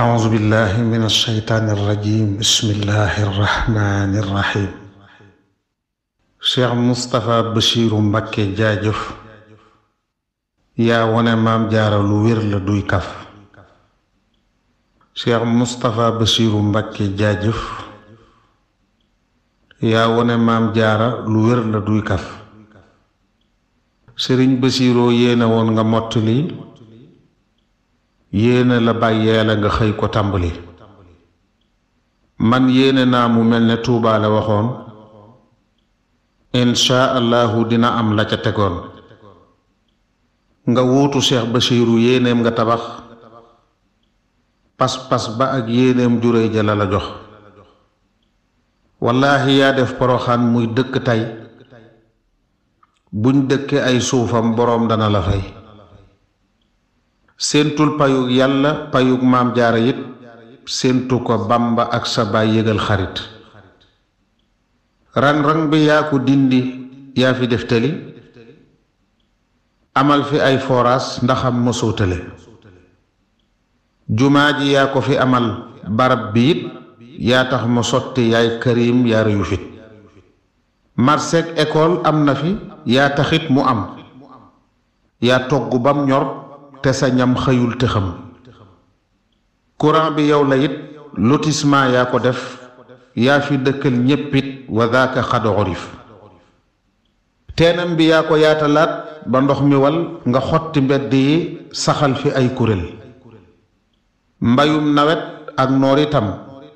أعوذ بالله من الشيطان الرجيم بسم الله الرحمن الرحيم Cheikh Moustapha Bassirou Mbacké jaajëf yaa wone maam jaara lu wér la duy kaf Cheikh Moustapha Bassirou jaajëf yaa wone maam jaara lu wér la duy kaf Sëriñ Bassiroo yéena woon nga mottali yéene la bàyyee la nga xëy ko tàmbali man yéene naa mu mel ne Tuubaa la waxoon insha allahu dina am la ca tegoon nga wuutu ba Bachiru yéeneem nga tabax pas-pas ba ak yéeneem juréy ja la la jox wallaahi yaa def poroxaan muy dëkk tey buñ dëkkee ay suufam boroom dana la fay séentul payug yàlla payu maam jaara yit séentu ko bamba ak sa baay yëgal xarit rang-rang bi yaa ko dindi yaa fi def tali amal fi ay foraas ndaxam mosoo tale jumaa ji yaa ko fi amal barab bi it yaa tax mu sotti yaay karim yaa rëyu fit marseek ekool am na fi yaa taxit mu am yaa togg bam ñor te sa ñam xëyul tëxam courant bi yow la it lotissement yaa ko def yaa fi dëkkal ñéppit wa daaka xad teenam bi yaa ko yaatalaat ba ndox mi wal nga xotti mbedd yi saxal fi ay kuréel mbayum nawet ak noor itam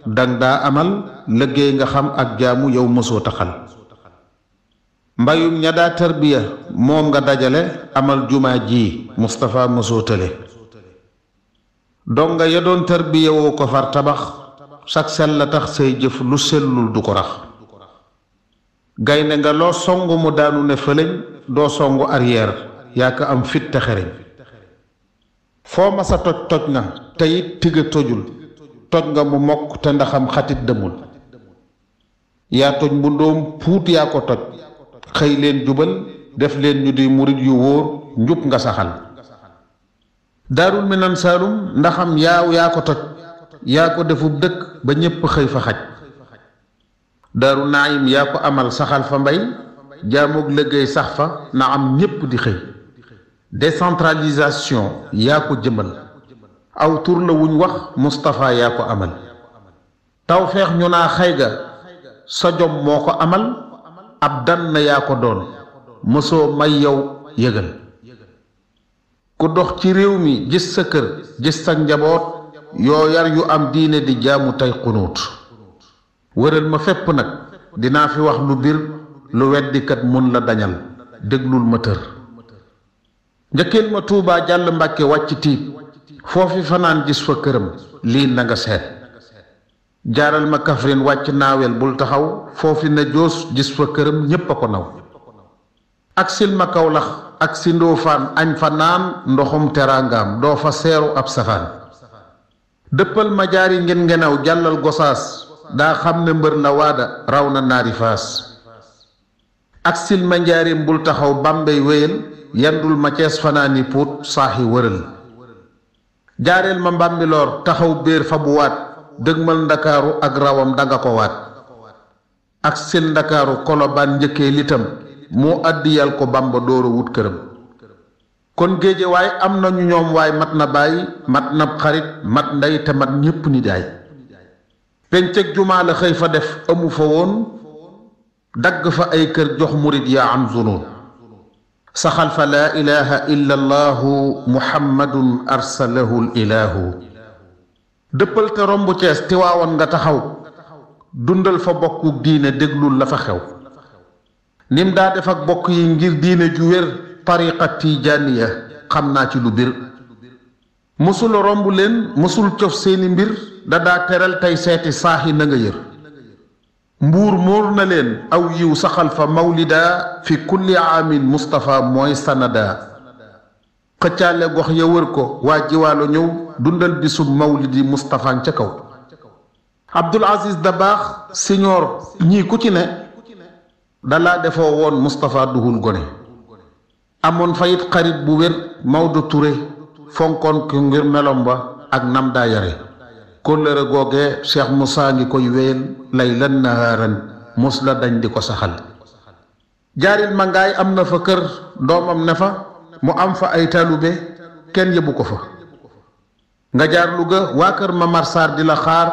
dang daa amal liggéey nga xam ak jaamu yow mësoo taxal mbayum ña daa tarbiya moom nga dajale amal jumaa ji Moustapha mësootale donga ya doon tarbiya woo ko far tabax sag sel la tax say jëf lu sellul du ko rax gaynde nga loo song mu daanu ne fëlëñ doo songu arrière yaa ko am fit te xereñ foo ma sa toj toj na tey it tojul toj nga mu mokk te ndaxam xatit demul yaa toj bu ndoom puut yaa ko toj xëy leen jubal def leen ñu di murit yu wóor njub nga saxal daarul minan saalum ndaxam yaaw yaa ko toj yaa ko defub dëkk ba ñépp xëy fa xaj daaru naayim yaa ko amal saxal fa mbay jaamoog liggéey sax fa na am ñépp di xëy décentralisation yaa ko jëmal aw tur wuñ wax mustafa yaa ko amal tawfeex ñu naa xëy ga sa jom moo ko amal ab dann yaa ko doon mosoo may yow yëgal ku dox ci réew mi gis sa kër gis sag njaboot yoo yar yu am diine di jaamu tey xunuut wëral ma fépp nag dinaa fi wax lu bir lu weddikat mun la dañal déglul ma tër njëkkeel ma tuubaa jàll mbàkke wàcc tiib foofi fanaan gis fa këram lii na seet jaaral ma kafrin wàcc naaweel bul taxaw foofi na joos gis fa këram ñépp a ko naw ak silma kaw lax ak si Ndofaan añ fa naan ndoxum teraangaam doo fa seeru ab safaan dëppal ma jaari ngeen ngenaw jàllal gosaas daa xam ne mbër na waada raw na naari faas ak sil ma njaarim bul taxaw Bambey wéyal yandul ma cees fanaani puut saaxi wëral jaareel ma mbàmbiloor taxaw béer fa dëgmal ndakaaru ak rawam danga ko waat ak seen ndakaaru kolobaan njëkkee litam moo àddiyal ko bamba dóora wut këram kon géeje waaye am nañu ñoom waay mat na bàyyi mat na xarit mat ndey te mat ñépp ni daay penceg jumaa la xëy fa def amu fa woon dagg fa ay kër jox murit yaa am zunoon saxal fa laa ilaha illa allahu muhammadun arsalahu dëppal te romb Cees tiwaawoon nga taxaw dundal fa bokku diine déglul la fa xew nim daa def ak bokk yi ngir diine ju wér tariqa ya xam naa ci lu bir mësul romb leen mësul cof seeni mbir da daa teral tey seeti saaxi na nga yër mbuur móor na leen aw yiw saxal fa mawlida fi kulli aamin mustapha mooy sanada xëccaale gox ya wër ko waa jiwaalo ñëw dundal bisu di Mustapha ca kaw Abdul Aziz Dabaax siñoor ñii ku ci ne dalaa defoo woon Mustapha duhul gone amoon fayit xarit bu wér du ture fonkoon ko ngir melom ba ak nam daa yare kóllëre googee Cheikh Moussa ngi koy wéyal lay lan nahaaran mos la dañ di ko saxal jaaril ma ngaay am na fa kër doomam ne fa mu am fa ay talube kenn yëbu ko fa nga jaar Louga waa kër Mamar Sarr di la xaar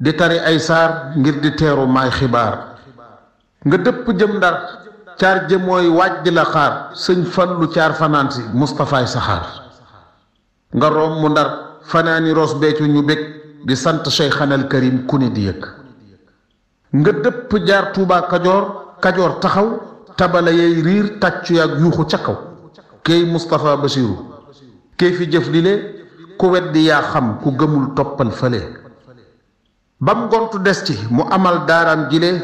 di tari ay saar ngir di teeru may xibaar nga dëpp jëm ndar caar jëmooy mooy waaj di la xaar sëñ Fallu caar fanaan si Mustaphaay saxaar nga room mu ndar fanaani Roos Béthio ñu bég di sant Cheikhanal Karim ku ne di yëg nga dëpp jaar Touba Kajoor Kajoor taxaw tabala yey riir tàccu yaag yuuxu ca kaw kay Moustapha Bassirou kay fi jëf li le ku weddi yaa xam ku gëmul toppal fële bam gontu des ci mu amal daaraam jile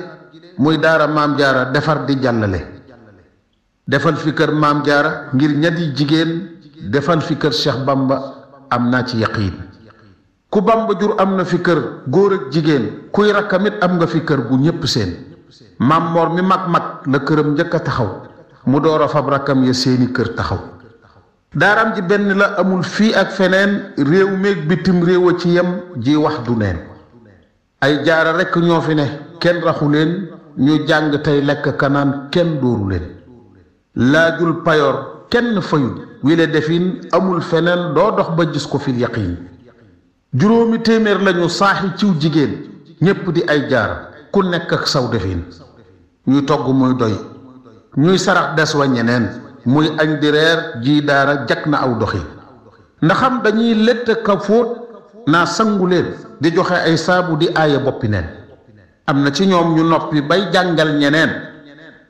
muy daara maam jaara defar di jàllale defal fi kër maam jaara ngir ñetti jigéen defal fi kër Cheikh Bamba am naa ci yaqiin ku Bamba jur am na fi kër góor ak jigéen kuy rakkamit am nga fi kër gu ñépp seen maam Mor mi mag mag la këram njëkk a taxaw mu door fab rakkam ya seeni kër taxaw daaram ji benn la amul fii ak feneen réew meeg bitim réew ci yem ji wax du neen ay jaara rekk ñoo fi ne kenn raxu leen ñu jàng tey lekk kanaan kenn dóoru leen laajul payoor kenn fayul wile defin amul feneen doo dox ba gis ko fi yaqiin juróomi téeméer lañu saaxi ciw jigéen ñépp di ay jaara ku nekk ak saw defin ñuy togg muy doy ñuy sarax des wa ñeneen muy añ di reer ji daara jak na aw dox doxi ndaxam dañuy lett ka fóot naa sangu leen di joxe ay saabu di aaye boppi neen am na ci ñoom ñu noppi bay jàngal ñeneen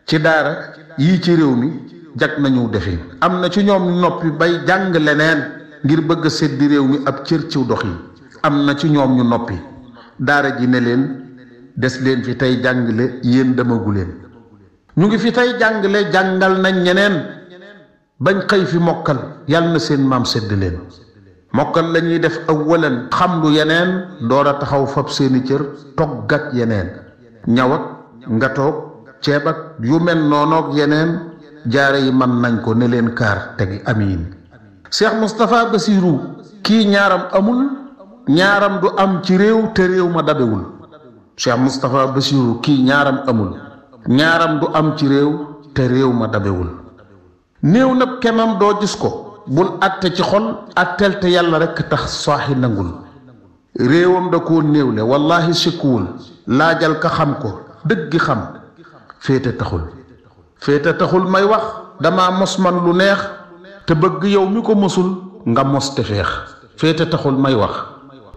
ci daara yii ci réew mi jag nañu defi am na ci ñoom ñu noppi bay jàng leneen ngir bëgg a réew mi ab cër ciw dox yi am na ci ñoom ñu noppi daara ji ne leen des leen fi tey jàngale yéen demagu leen ñu ngi fi tey jàngale jàngal nañ ñeneen bañ xëy fi mokkal yàlla na seen maam sedd leen mokkal lañuy def def awalan xam lu yeneen door a taxaw fab seeni cër toggat yeneen ñaw ak nga toog ceeb yu mel noonoog yeneen jaare yi mën nañ ko ne leen kaar tegi amiin Cheikh Moustapha Bassirou kii ñaaram amul ñaaram du am ci réew te réew ma dabewul Cheikh Moustapha Bassirou kii ñaaram amul ñaaram du am ci réew te réew ma dabewul néew nag kemam doo gis ko bul àtte ci xol àtteel te yàlla rekk tax saaxi nangul réewam da koo néewle wallaahi sikkuwul laajal ka xam ko dëgg xam féete taxul féete taxul may wax dama mos man lu neex te bëgg yow mi ko mosul nga mos te feex féete taxul may wax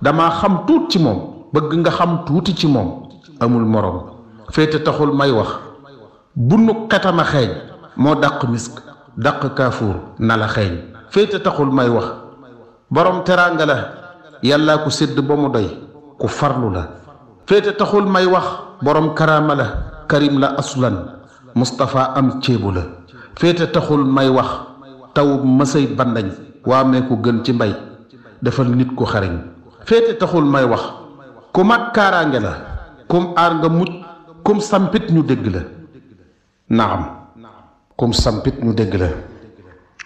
dama xam tuut ci moom bëgg nga xam tuuti ci moom amul moroom féete taxul may wax bu nu xetama xeeñ moo dàq misk dàq kaafuur na la xeeñ féete taxul may wax boroom teraanga la yàllaa ku sedd ba mu doy ku farlu la féete taxul may wax borom karaama la karim la aslan Moustapha am ceebu la féete taxul may wax taw mësay bandañ waamee ku gën ci mbay defal nit ku xariñ féete taxul may wax ku mat kaaraange la kum aar nga mucc comme sampit ñu dégg la naam kum sampit ñu dégg la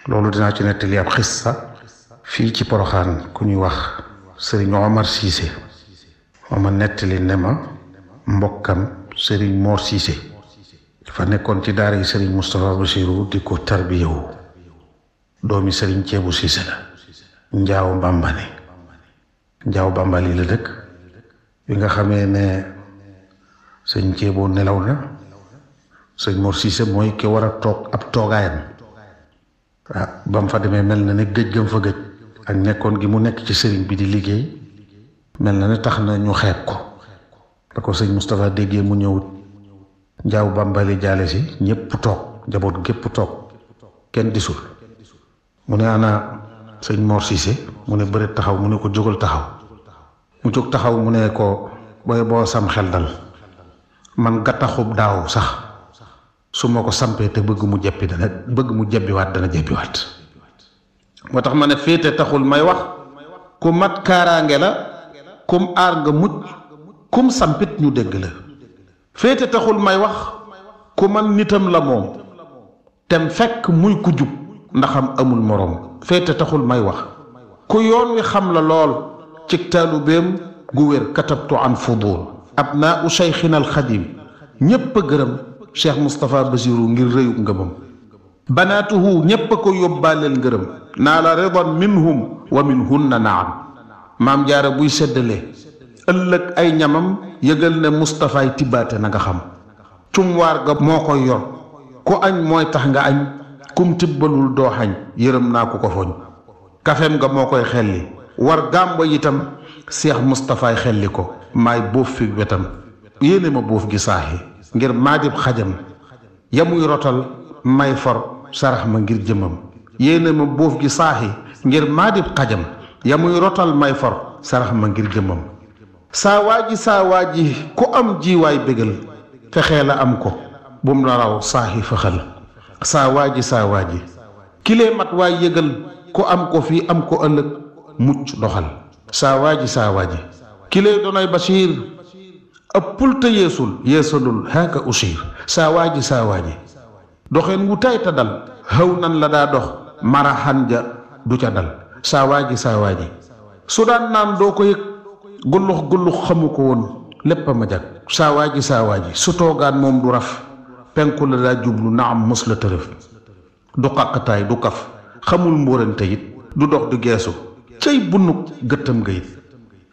loolu dinaa ci nettali ab xissa fii ci poroxaan ku ñuy wax sëriñ Omar Cissé ma nettali ne ma mbokkam sëriñ Mor Cissé dafa nekkoon ci daar yi sëriñ Moustapha Bassirou di ko tarbiyewu doomi sëriñ ceebu Cissé la njaaw Bambali njaaw Bambali la dëkk bi nga xamee ne sëñ Ceeboo nelaw na sëñ Mor Cissé mooy ki war a toog ab toogaayam ah, ba mu fa demee mel na ne gëj gam fa gëj ak nekkoon gi mu nekk ci sëriñ bi di liggéey mel na ne tax na ñu xeeb ko da ko sëñ Moustapha déggee mu ñëw njaaw bàmbali jaale si ñépp toog njaboot gépp toog kenn disul mu ne ana sëñ Mor Cissé mu ne bëri taxaw mu ne ko jógal taxaw mu jóg taxaw mu ne ko booy boo sam xel dal man gattaxub daaw sax su ma ko sampee te bëgg mu jeppi dana bëgg mu jebbiwaat dana jebbiwaat moo tax ma ne féete taxul may wax ku mat kaaraange la nga mucc kum sampit ñu dégg la taxul may wax ku man nitam la moom tem fekk muy ku jub ndaxam amul moroom féete taxul may wax ku yoon wi xam la lool ci taalu béem gu wér katabtu an fudul abnaa u cheikhina alxadim ñépp a gërëm cheikh moustapha basiru ngir rëyu ngëmam banaatuhu ñépp a ko yóbbaaleel ngërëm naa la ridan minhum wa minhunna am maam jaara buy seddalee ëllëg ay ñamam yëgal ne mustaphaay tibbaate na nga xam cumwaar ga moo koy yor ku añ mooy tax nga añ kum tibbalul doo xañ yërëm naa ko ko foñ kafem nga moo koy xelli war gàmba itam seex mustafaay xelli ko maay bóof fi wetam yéene ma bóof gi saaxi ngir maajib xajam ya muy rotal may for sarax ma ngir jëmam yéene ma bóof gi saaxi ngir maadib xajam ya muy rotal may for sarax ma ngir jëmam saa waa ji saa ji ku am jiwaay bégal fexee la am ko bum la saaxi fëxal saa waa kilee mat waay yëgal ku am ko fii am ko ëllëg mucc doxal saa waaji saa waaji ki lay doonay bashir ëppul te yeesul yeesalul haaka ushir saa waaji saa doxeen wu tay dal xëw nan la daa dox maraxan ja du ca dal saa waaji su ko yëg ma jag saa waaji saa waaji su toogaan moom du raf penku la daa jublu na am mos la tërëf du qàqtaay du kaf xamul mbóorante it du dox du geesu cëy bunuk gëttam nga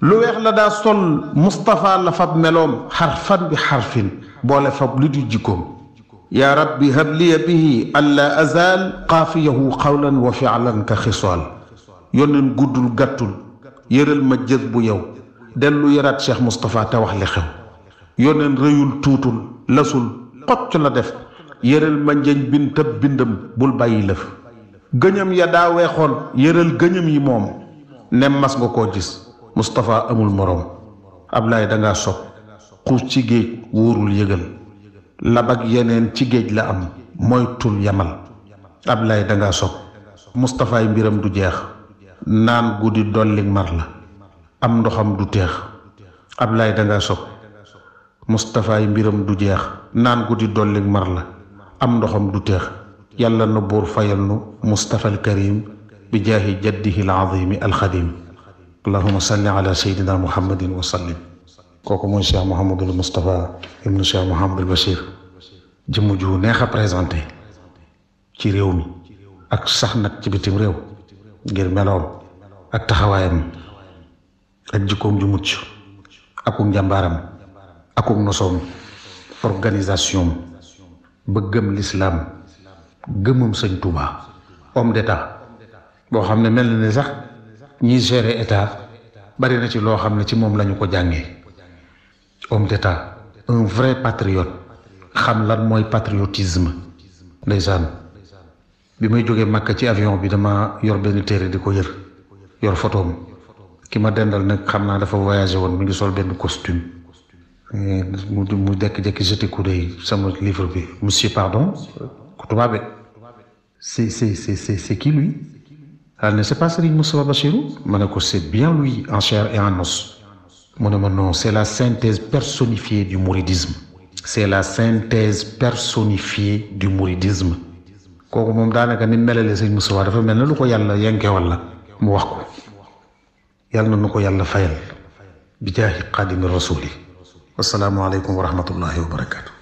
lu weex la daa sol Moustapha la fab meloom xarfan bi xarfin boole fab lu di jikkoom yaa rabbi habliya bihi alla azal xaafiyahu xawlan wa fialan ka xisoal yoneen guddul gàttul yëral ma jës bu yow dellu yaraat Cheikh Moustapha te wax li xew yoneen rëyul tuutul lasul xocc la def yëral ma njëñ bin tëb bindam bul bàyyi lëf gëñam ya daa weexoon yëral gëñam yi moom nem mas nga koo gis Moustapha amul moroom Ablaye danga sob xuus ci géej wóorul yëgal lab yeneen ci géej la am moytul yamal Ablaye dangaa sob Moustapha ay mbiram du jeex naan guddi dolli mar ndoxam du teex Ablaye dangaa sob Moustapha ay du jeex naan guddi dolli mar la am ndoxam du teex yàlla na buur fayal nu Moustapha al bi jaahi jaddihi al-azimi al-xadim allahuma salli ala sayyidina muhammadin wa sallim kooku mooy cheikh Mouhamadul Moustapha ibnu cheikh Mouhamadul Bachir jëmm ju neex a présenté ci réew mi ak sax nag ci bitim réew ngir meloom ak taxawaayam ak jikkoom ju mucc akum njàmbaaram akum nosoom organisation bëggam lislaam gëmam sëñ Touba homme d'état boo xam ne mel na ni sax ñiy gérer état bari na ci loo xam ne ci moom lañu ko jàngee homme d'état un vrai patriote xam lan mooy patriotisme ndeysaan bi may jógee makk ci avion bi dama yor benn téere di ko yër yor photoom ki ma dendal nag xam naa dafa voyagé woon mi ngi sol benn costume mu mu dekk-jekki jeté coup d'œil sama livre bi monsieur pardon ku tubaab bi c'est c'est c'est c'est qui lui daal ne c'est pas Serigne Moustapha Bassirou ma ne ko c'est bien lui en chair en os mu ne ma non c'est la synthèse personnifiée du mouridisme c'est la synthèse personnifiée du mouridisme kooku moom daanaka ni melale Serigne Moustapha dafa mel ne lu ko yàlla yenke la mu wax ko yàlla na nu ko yàlla fayal bi jaahi xaadimi rasuli assalaamu aleykum wa rahmatullahi wa barakatu